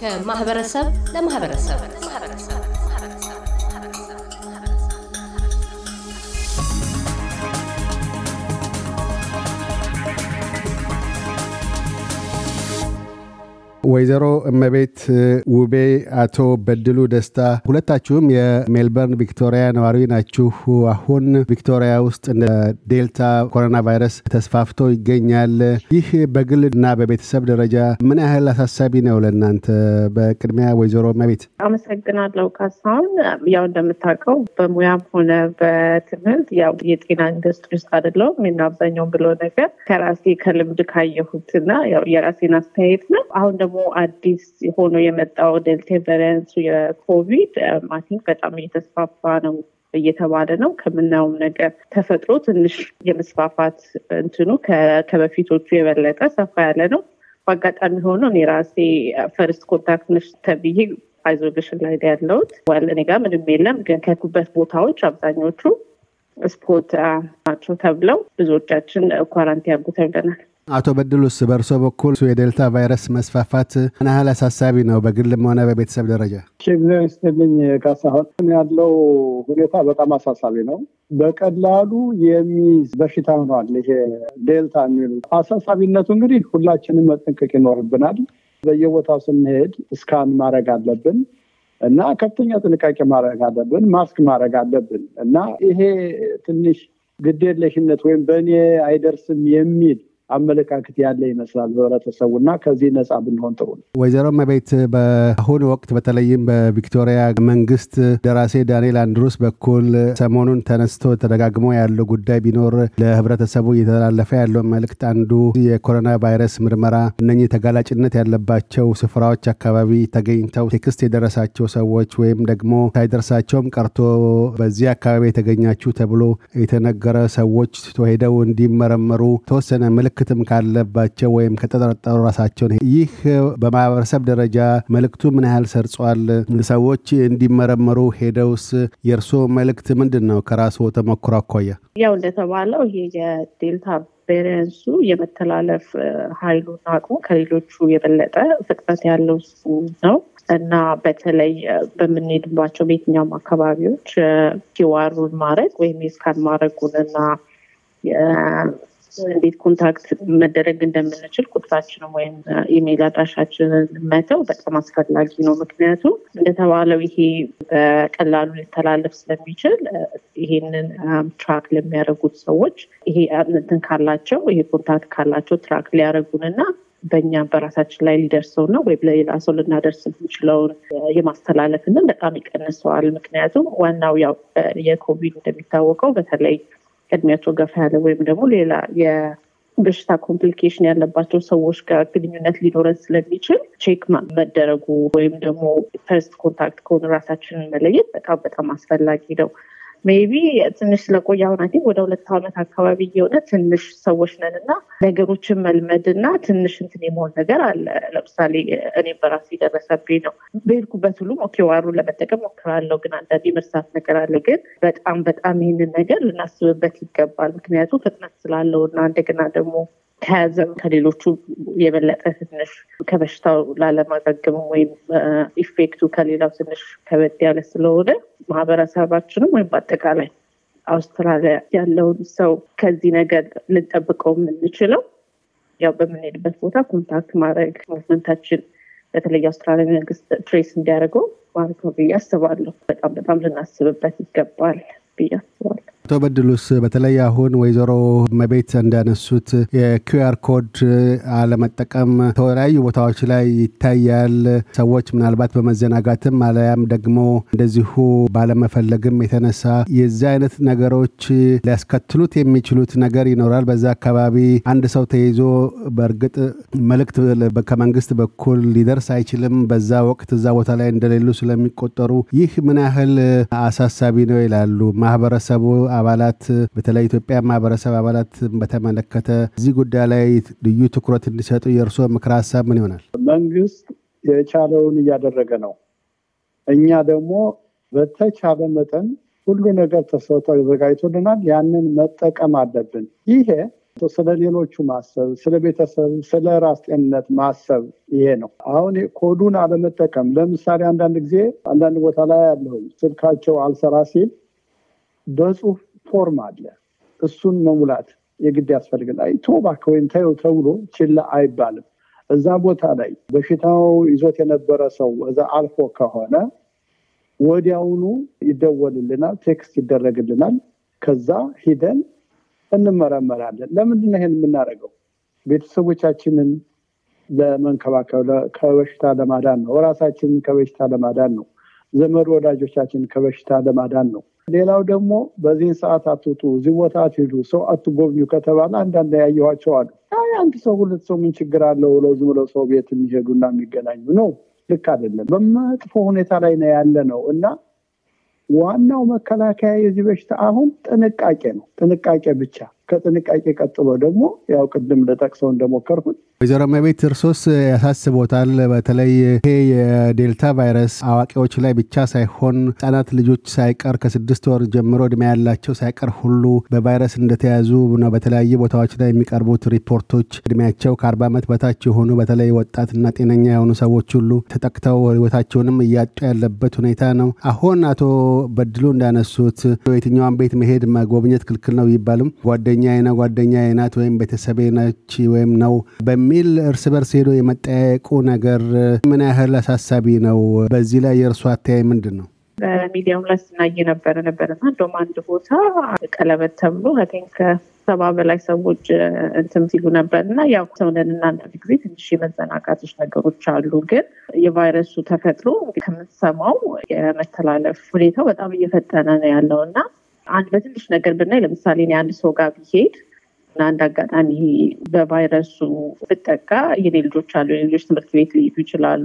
ከማህበረሰብ ለማህበረሰብ ወይዘሮ እመቤት ውቤ፣ አቶ በድሉ ደስታ ሁለታችሁም የሜልበርን ቪክቶሪያ ነዋሪ ናችሁ። አሁን ቪክቶሪያ ውስጥ እንደ ዴልታ ኮሮና ቫይረስ ተስፋፍቶ ይገኛል። ይህ በግል እና በቤተሰብ ደረጃ ምን ያህል አሳሳቢ ነው ለእናንተ? በቅድሚያ ወይዘሮ እመቤት አመሰግናለሁ። ካሳሁን፣ ያው እንደምታውቀው በሙያም ሆነ በትምህርት ያው የጤና ኢንዱስትሪ ውስጥ አይደለሁም እና አብዛኛውን ብሎ ነገር ከራሴ ከልምድ ካየሁትና ያው የራሴን አስተያየት ነው አሁን ደግሞ ደግሞ አዲስ ሆኖ የመጣው ደልቴ ቫሪያንሱ የኮቪድ ማቲንክ um, በጣም እየተስፋፋ ነው እየተባለ ነው። ከምናየውም ነገር ተፈጥሮ ትንሽ የመስፋፋት እንትኑ ከበፊቶቹ የበለጠ ሰፋ ያለ ነው። በአጋጣሚ ሆኖ እኔ ራሴ ፈርስት ኮንታክት ነሽ ተብዬ አይዞሌሽን ላይ ያለሁት እኔ ጋር ምንም የለም፣ ግን ከኩበት ቦታዎች አብዛኞቹ ስፖርት uh, ናቸው ተብለው ብዙዎቻችን ኳራንቲ uh, ያርጉ ተብለናል። አቶ በድሉስ በእርሶ በኩል የዴልታ ቫይረስ መስፋፋት ምን ያህል አሳሳቢ ነው? በግልም ሆነ በቤተሰብ ደረጃ። እግዚአብሔር ይስጥልኝ ካሳሁን፣ ያለው ሁኔታ በጣም አሳሳቢ ነው። በቀላሉ የሚይዝ በሽታ ሆኗል ይሄ ዴልታ የሚሉት። አሳሳቢነቱ እንግዲህ ሁላችንም መጠንቀቅ ይኖርብናል። በየቦታው ስንሄድ እስካን ማድረግ አለብን እና ከፍተኛ ጥንቃቄ ማድረግ አለብን። ማስክ ማድረግ አለብን እና ይሄ ትንሽ ግዴለሽነት ወይም በእኔ አይደርስም የሚል አመለካከት ያለ ይመስላል በህብረተሰቡ እና ከዚህ ነጻ ብንሆን ጥሩ ነው። ወይዘሮ መቤት በአሁኑ ወቅት በተለይም በቪክቶሪያ መንግስት ደራሴ ዳንኤል አንድሩስ በኩል ሰሞኑን ተነስቶ ተደጋግሞ ያለው ጉዳይ ቢኖር ለህብረተሰቡ እየተላለፈ ያለው መልእክት አንዱ የኮሮና ቫይረስ ምርመራ እነኚህ ተጋላጭነት ያለባቸው ስፍራዎች አካባቢ ተገኝተው ቴክስት የደረሳቸው ሰዎች ወይም ደግሞ ሳይደርሳቸውም ቀርቶ በዚህ አካባቢ የተገኛችሁ ተብሎ የተነገረ ሰዎች ሄደው እንዲመረመሩ ተወሰነ ምልክ ምልክትም ካለባቸው ወይም ከተጠረጠሩ ራሳቸውን ይህ በማህበረሰብ ደረጃ መልእክቱ ምን ያህል ሰርጿል? ሰዎች እንዲመረመሩ ሄደውስ የእርስዎ መልእክት ምንድን ነው? ከራስዎ ተሞክሮ አኳያ ያው እንደተባለው ይህ የዴልታ ቬሪያንሱ የመተላለፍ ኃይሉና አቅሙ ከሌሎቹ የበለጠ ፍጥነት ያለው ነው እና በተለይ በምንሄድባቸው በየትኛውም አካባቢዎች ኪዋሩን ማድረግ ወይም የስካን ማድረጉን እና እንዴት ኮንታክት መደረግ እንደምንችል ቁጥራችንም ወይም ኢሜይል አድራሻችንን መተው በጣም አስፈላጊ ነው። ምክንያቱም እንደተባለው ይሄ በቀላሉ ሊተላለፍ ስለሚችል ይሄንን ትራክ ለሚያደርጉት ሰዎች ይሄ እንትን ካላቸው ይሄ ኮንታክት ካላቸው ትራክ ሊያደርጉን እና በእኛም በራሳችን ላይ ሊደርሰው ነው ወይም ለሌላ ሰው ልናደርስ የምንችለውን የማስተላለፍንን በጣም ይቀንሰዋል። ምክንያቱም ዋናው ያው የኮቪድ እንደሚታወቀው በተለይ እድሜያቸው ገፋ ያለ ወይም ደግሞ ሌላ የበሽታ ኮምፕሊኬሽን ያለባቸው ሰዎች ጋር ግንኙነት ሊኖረን ስለሚችል ቼክ መደረጉ ወይም ደግሞ ፈርስት ኮንታክት ከሆኑ ራሳችንን መለየት በጣም በጣም አስፈላጊ ነው። ሜቢ ትንሽ ስለቆየ አሁን አይ ወደ ሁለት ዓመት አካባቢ እየሆነ ትንሽ ሰዎች ነን እና ነገሮችን መልመድ እና ትንሽ እንትን የመሆን ነገር አለ። ለምሳሌ እኔ በራሴ የደረሰብኝ ነው። በሄድኩበት ሁሉም ኦኬ ዋሩ ለመጠቀም ሞክራለሁ፣ ግን አንዳንዴ መርሳት ነገር አለ። ግን በጣም በጣም ይህንን ነገር ልናስብበት ይገባል። ምክንያቱም ፍጥነት ስላለው እና እንደገና ደግሞ ከያዘም ከሌሎቹ የበለጠ ትንሽ ከበሽታው ላለማገገምም ወይም ኢፌክቱ ከሌላው ትንሽ ከበድ ያለ ስለሆነ ማህበረሰባችንም ወይም በአጠቃላይ አውስትራሊያ ያለውን ሰው ከዚህ ነገር ልንጠብቀው የምንችለው ያው በምንሄድበት ቦታ ኮንታክት ማድረግ ሙቭመንታችን በተለይ አውስትራሊያ መንግስት ትሬስ እንዲያደርገው ማለት ነው ብዬ አስባለሁ። በጣም በጣም ልናስብበት ይገባል ብዬ አስባለሁ። አቶ በድሉስ በተለይ አሁን ወይዘሮ መቤት እንዳነሱት የኪውአር ኮድ አለመጠቀም ተለያዩ ቦታዎች ላይ ይታያል። ሰዎች ምናልባት በመዘናጋትም አለያም ደግሞ እንደዚሁ ባለመፈለግም የተነሳ የዚህ አይነት ነገሮች ሊያስከትሉት የሚችሉት ነገር ይኖራል። በዛ አካባቢ አንድ ሰው ተይዞ በእርግጥ መልእክት ከመንግስት በኩል ሊደርስ አይችልም። በዛ ወቅት እዛ ቦታ ላይ እንደሌሉ ስለሚቆጠሩ ይህ ምን ያህል አሳሳቢ ነው ይላሉ ማህበረሰቡ አባላት በተለይ ኢትዮጵያ ማህበረሰብ አባላት በተመለከተ እዚህ ጉዳይ ላይ ልዩ ትኩረት እንዲሰጡ የእርስዎ ምክረ ሀሳብ ምን ይሆናል? መንግስት የቻለውን እያደረገ ነው። እኛ ደግሞ በተቻለ መጠን ሁሉ ነገር ተዘጋጅቶልናል። ያንን መጠቀም አለብን። ይሄ ስለ ሌሎቹ ማሰብ፣ ስለ ቤተሰብ፣ ስለ ራስ ጤንነት ማሰብ ይሄ ነው። አሁን ኮዱን አለመጠቀም ለምሳሌ አንዳንድ ጊዜ አንዳንድ ቦታ ላይ ያለው ስልካቸው አልሰራ ሲል በጽሁፍ ፎርም አለ። እሱን መሙላት የግድ ያስፈልግና ቶባክ ወይም ተው ተብሎ ችላ አይባልም። እዛ ቦታ ላይ በሽታው ይዞት የነበረ ሰው እዛ አልፎ ከሆነ ወዲያውኑ ይደወልልናል፣ ቴክስት ይደረግልናል። ከዛ ሂደን እንመረመራለን። ለምንድነ ይሄን የምናደርገው? ቤተሰቦቻችንን ለመንከባከብ ከበሽታ ለማዳን ነው። ራሳችንን ከበሽታ ለማዳን ነው። ዘመድ ወዳጆቻችን ከበሽታ ለማዳን ነው። ሌላው ደግሞ በዚህን ሰዓት አትውጡ፣ እዚህ ቦታ አትሄዱ፣ ሰው አትጎብኙ ከተባለ አንዳንድ ያየኋቸው አሉ። አንድ ሰው ሁለት ሰው ምን ችግር አለው ብለው ዝም ብለው ሰው ቤት የሚሄዱና የሚገናኙ ነው። ልክ አይደለም። በመጥፎ ሁኔታ ላይ ነው ያለ ነው እና ዋናው መከላከያ የዚህ በሽታ አሁን ጥንቃቄ ነው። ጥንቃቄ ብቻ ከጥንቃቄ ቀጥሎ ደግሞ ያው ቅድም ለጠቅሰው እንደሞከርኩት ወይዘሮ መቤት እርሶስ ያሳስቦታል? በተለይ ይሄ የዴልታ ቫይረስ አዋቂዎች ላይ ብቻ ሳይሆን ህጻናት ልጆች ሳይቀር ከስድስት ወር ጀምሮ እድሜ ያላቸው ሳይቀር ሁሉ በቫይረስ እንደተያዙ ነው በተለያዩ ቦታዎች ላይ የሚቀርቡት ሪፖርቶች። እድሜያቸው ከአርባ ዓመት በታች የሆኑ በተለይ ወጣትና ጤነኛ የሆኑ ሰዎች ሁሉ ተጠቅተው ህይወታቸውንም እያጡ ያለበት ሁኔታ ነው። አሁን አቶ በድሉ እንዳነሱት የትኛውን ቤት መሄድ መጎብኘት ክልክል ነው ይባልም ጓደ ጓደኛዬ ነው ጓደኛዬ ናት ወይም ቤተሰቤ ነች ወይም ነው በሚል እርስ በርስ ሄዶ የመጠያየቁ ነገር ምን ያህል አሳሳቢ ነው? በዚህ ላይ የእርሱ አተያይ ምንድን ነው? በሚዲያም ላይ ስናየ ነበረ ነበር ነበርና እንደውም አንድ ቦታ ቀለበት ተብሎ ቲንክ ሰባ በላይ ሰዎች እንትም ሲሉ ነበር እና ያው ሰውነንና አንዳንድ ጊዜ ትንሽ የመዘናጋቶች ነገሮች አሉ። ግን የቫይረሱ ተፈጥሮ ከምንሰማው የመተላለፍ ሁኔታው በጣም እየፈጠነ ነው ያለው እና አንድ በትንሽ ነገር ብናይ ለምሳሌ እኔ አንድ ሰው ጋር ብሄድ እና አንድ አጋጣሚ በቫይረሱ ብጠቃ የኔ ልጆች አሉ፣ የኔ ልጆች ትምህርት ቤት ሊሄዱ ይችላሉ፣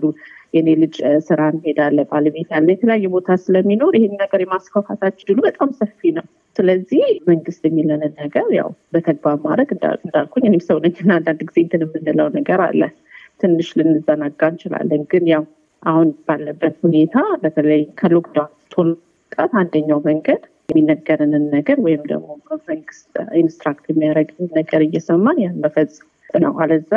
የኔ ልጅ ስራ እንሄዳለ፣ ባለቤት ያለ የተለያየ ቦታ ስለሚኖር ይህን ነገር የማስፋፋታችን ድሉ በጣም ሰፊ ነው። ስለዚህ መንግስት የሚለንን ነገር ያው በተግባር ማድረግ እንዳልኩኝ እኔም ሰው ነኝ እና አንዳንድ ጊዜ እንትን የምንለው ነገር አለ ትንሽ ልንዘናጋ እንችላለን። ግን ያው አሁን ባለበት ሁኔታ በተለይ ከሎክዳውን ቶሎ መውጣት አንደኛው መንገድ የሚነገርንን ነገር ወይም ደግሞ ኢንስትራክት የሚያደርግን ነገር እየሰማን ያን መፈጸም ነው። አለዛ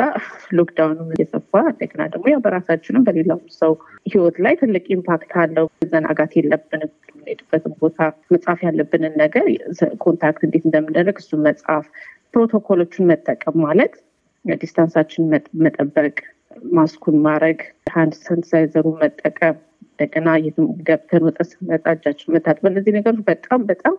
ሎክዳውኑ እየሰፋ እንደገና ደግሞ ያው በራሳችንም በሌላውም ሰው ህይወት ላይ ትልቅ ኢምፓክት አለው። ዘናጋት የለብንም። የምንሄድበትን ቦታ መጽሐፍ ያለብንን ነገር ኮንታክት እንዴት እንደምንደረግ እሱ መጽሐፍ ፕሮቶኮሎችን መጠቀም ማለት ዲስታንሳችን መጠበቅ ማስኩን ማድረግ፣ ሀንድ ሳኒታይዘሩ መጠቀም፣ እንደገና የትም ገብተን ወጠ ስመጣ እጃችን መታጠብ፣ እነዚህ ነገሮች በጣም በጣም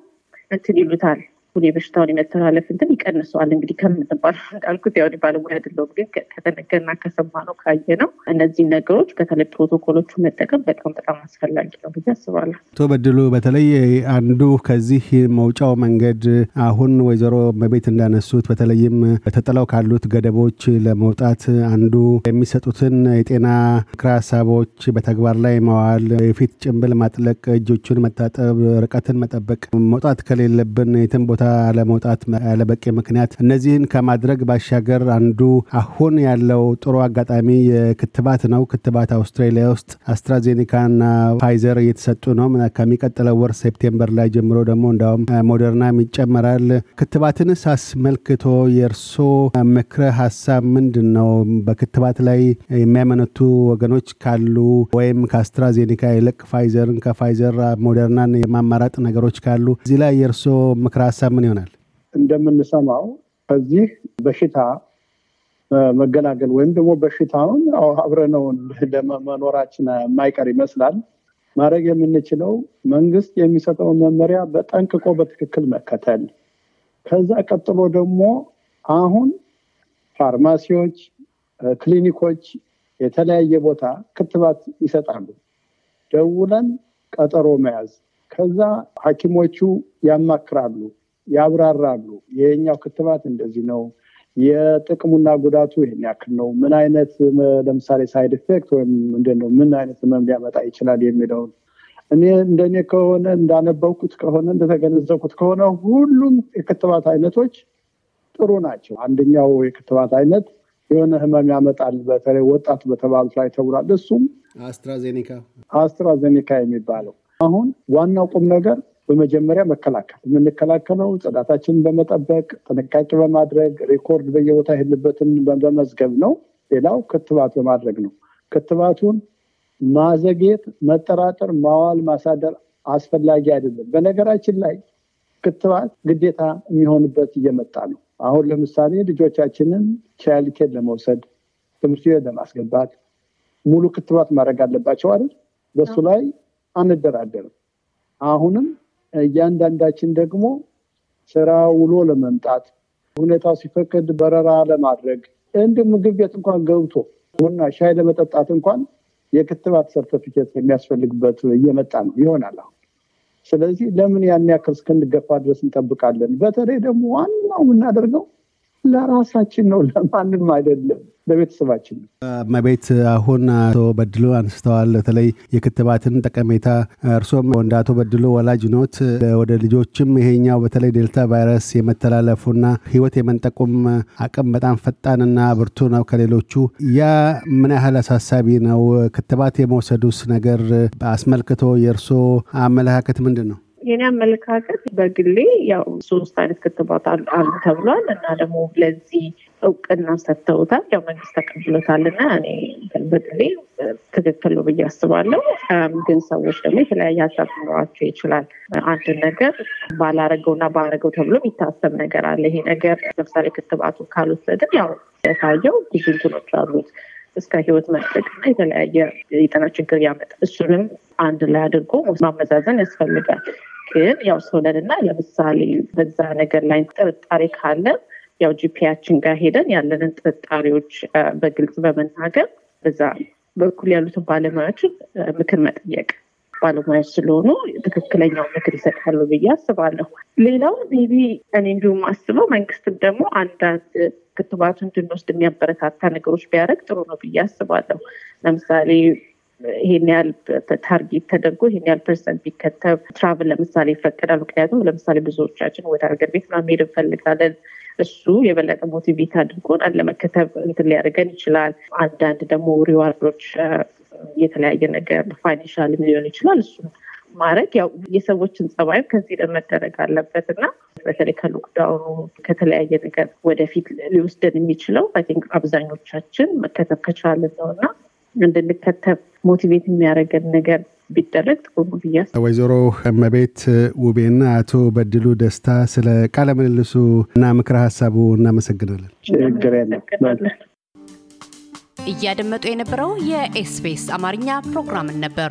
እንትን ይሉታል ሁን የበሽታውን የመተላለፍ እንትን ይቀንሰዋል። እንግዲህ ከምንባል እንዳልኩት ያው ባለሙያ አይደለሁም፣ ግን ከተነገርና ከሰማ ነው ካየ ነው እነዚህ ነገሮች በተለይ ፕሮቶኮሎቹ መጠቀም በጣም በጣም አስፈላጊ ነው ብዬ አስባለሁ። አቶ በድሉ በተለይ አንዱ ከዚህ መውጫው መንገድ አሁን ወይዘሮ መቤት እንዳነሱት በተለይም ተጥለው ካሉት ገደቦች ለመውጣት አንዱ የሚሰጡትን የጤና ምክረ ሀሳቦች በተግባር ላይ መዋል፣ የፊት ጭንብል ማጥለቅ፣ እጆቹን መታጠብ፣ ርቀትን መጠበቅ፣ መውጣት ከሌለብን የትን ቦታ ለመውጣት ያለበቂ ምክንያት። እነዚህን ከማድረግ ባሻገር አንዱ አሁን ያለው ጥሩ አጋጣሚ የክትባት ነው። ክትባት አውስትራሊያ ውስጥ አስትራዜኒካና ፋይዘር እየተሰጡ ነው። ከሚቀጥለው ወር ሴፕቴምበር ላይ ጀምሮ ደግሞ እንዲሁም ሞደርናም ይጨመራል። ክትባትንስ አስመልክቶ የእርሶ ምክረ ሀሳብ ምንድን ነው? በክትባት ላይ የሚያመነቱ ወገኖች ካሉ ወይም ከአስትራዜኒካ ይልቅ ፋይዘርን ከፋይዘር ሞደርናን የማማራጥ ነገሮች ካሉ እዚህ ላይ የእርሶ ምክረ ሀሳብ ምን ይሆናል? እንደምንሰማው ከዚህ በሽታ መገላገል ወይም ደግሞ በሽታውን አብረነውን ለመኖራችን የማይቀር ይመስላል። ማድረግ የምንችለው መንግስት የሚሰጠውን መመሪያ በጠንቅቆ በትክክል መከተል፣ ከዛ ቀጥሎ ደግሞ አሁን ፋርማሲዎች፣ ክሊኒኮች የተለያየ ቦታ ክትባት ይሰጣሉ። ደውለን ቀጠሮ መያዝ፣ ከዛ ሐኪሞቹ ያማክራሉ ያብራራሉ። ይሄኛው ክትባት እንደዚህ ነው፣ የጥቅሙና ጉዳቱ ይህን ያክል ነው፣ ምን አይነት ለምሳሌ ሳይድ ኢፌክት ወይም ምንድን ነው ምን አይነት ህመም ሊያመጣ ይችላል የሚለውን እኔ እንደኔ ከሆነ እንዳነበብኩት ከሆነ እንደተገነዘብኩት ከሆነ ሁሉም የክትባት አይነቶች ጥሩ ናቸው። አንደኛው የክትባት አይነት የሆነ ህመም ያመጣል በተለይ ወጣት በተባሉት ላይ ተብሏል። እሱም አስትራዜኒካ አስትራዜኒካ የሚባለው አሁን ዋናው ቁም ነገር በመጀመሪያ መከላከል የምንከላከለው ጽዳታችንን በመጠበቅ ጥንቃቄ በማድረግ ሪኮርድ በየቦታ የሄድንበትን በመዝገብ ነው። ሌላው ክትባት በማድረግ ነው። ክትባቱን ማዘግየት፣ መጠራጠር፣ ማዋል፣ ማሳደር አስፈላጊ አይደለም። በነገራችን ላይ ክትባት ግዴታ የሚሆንበት እየመጣ ነው። አሁን ለምሳሌ ልጆቻችንን ቻይልኬን ለመውሰድ ትምህርት ቤት ለማስገባት ሙሉ ክትባት ማድረግ አለባቸው አይደል? በሱ ላይ አንደራደርም። አሁንም እያንዳንዳችን ደግሞ ስራ ውሎ ለመምጣት ሁኔታው ሲፈቅድ በረራ ለማድረግ እንዲሁም ምግብ ቤት እንኳን ገብቶ ቡና ሻይ ለመጠጣት እንኳን የክትባት ሰርተፊኬት የሚያስፈልግበት እየመጣ ነው ይሆናል አሁን። ስለዚህ ለምን ያን ያክል እስክንገፋ ድረስ እንጠብቃለን? በተለይ ደግሞ ዋናው የምናደርገው ለራሳችን ነው፣ ለማንም አይደለም። ለቤተሰባችን መቤት አሁን አቶ በድሎ አንስተዋል። በተለይ የክትባትን ጠቀሜታ እርሶም እንደ አቶ በድሎ ወላጅ ኖት። ወደ ልጆችም ይሄኛው በተለይ ዴልታ ቫይረስ የመተላለፉና ህይወት የመንጠቁም አቅም በጣም ፈጣንና ብርቱ ነው ከሌሎቹ። ያ ምን ያህል አሳሳቢ ነው? ክትባት የመውሰዱስ ነገር አስመልክቶ የእርሶ አመለካከት ምንድን ነው? የኔ አመለካከት በግሌ ያው ሶስት አይነት ክትባት አሉ ተብሏል እና ደግሞ ለዚህ እውቅና ሰጥተውታል። ያው መንግስት ተቀብሎታል እና እኔ በግሌ ትክክል ነው ብዬ አስባለሁ። ግን ሰዎች ደግሞ የተለያየ ሀሳብ ኖሯቸው ይችላል። አንድ ነገር ባላረገው እና ባረገው ተብሎ የሚታሰብ ነገር አለ። ይሄ ነገር ለምሳሌ ክትባቱን ካልወሰድን ያው ያሳየው ብዙ እንትኖች አሉት እስከ ህይወት መጠቅ እና የተለያየ የጤና ችግር ያመጣል። እሱንም አንድ ላይ አድርጎ ማመዛዘን ያስፈልጋል። ግን ያው ሰው እና ለምሳሌ በዛ ነገር ላይ ጥርጣሬ ካለ ያው ጂፒያችን ጋር ሄደን ያለንን ጥርጣሬዎች በግልጽ በመናገር በዛ በኩል ያሉትን ባለሙያዎችን ምክር መጠየቅ ባለሙያዎች ስለሆኑ ትክክለኛው ምክር ይሰጣሉ ብዬ አስባለሁ። ሌላው ሜቢ እኔ እንዲሁም አስበው መንግስትም ደግሞ አንዳንድ ክትባቱ እንድንወስድ የሚያበረታታ ነገሮች ቢያደርግ ጥሩ ነው ብዬ አስባለሁ። ለምሳሌ ይሄን ያህል ታርጌት ተደርጎ ይሄን ያህል ፐርሰንት ቢከተብ ትራቭል ለምሳሌ ይፈቀዳል። ምክንያቱም ለምሳሌ ብዙዎቻችን ወደ ሀገር ቤት ምናምን መሄድ እንፈልጋለን። እሱ የበለጠ ሞቲቬት አድርጎን ለመከተብ እንትን ሊያደርገን ይችላል። አንዳንድ ደግሞ ሪዋርዶች የተለያየ ነገር ፋይናንሻል ሊሆን ይችላል። እሱ ማድረግ ያው የሰዎችን ጸባይም ከዚህ መደረግ አለበት እና በተለይ ከሎክዳውኑ ከተለያየ ነገር ወደፊት ሊወስደን የሚችለው አብዛኞቻችን መከተብ ከቻልን ነው እና እንድንከተብ ሞቲቬት የሚያደርገን ነገር ቢደረግ ጥሩ ብያስ ወይዘሮ እመቤት ውቤና አቶ በድሉ ደስታ ስለ ቃለ ምልልሱ እና ምክረ ሀሳቡ እናመሰግናለን። ችግር እያደመጡ የነበረው የኤስፔስ አማርኛ ፕሮግራምን ነበር።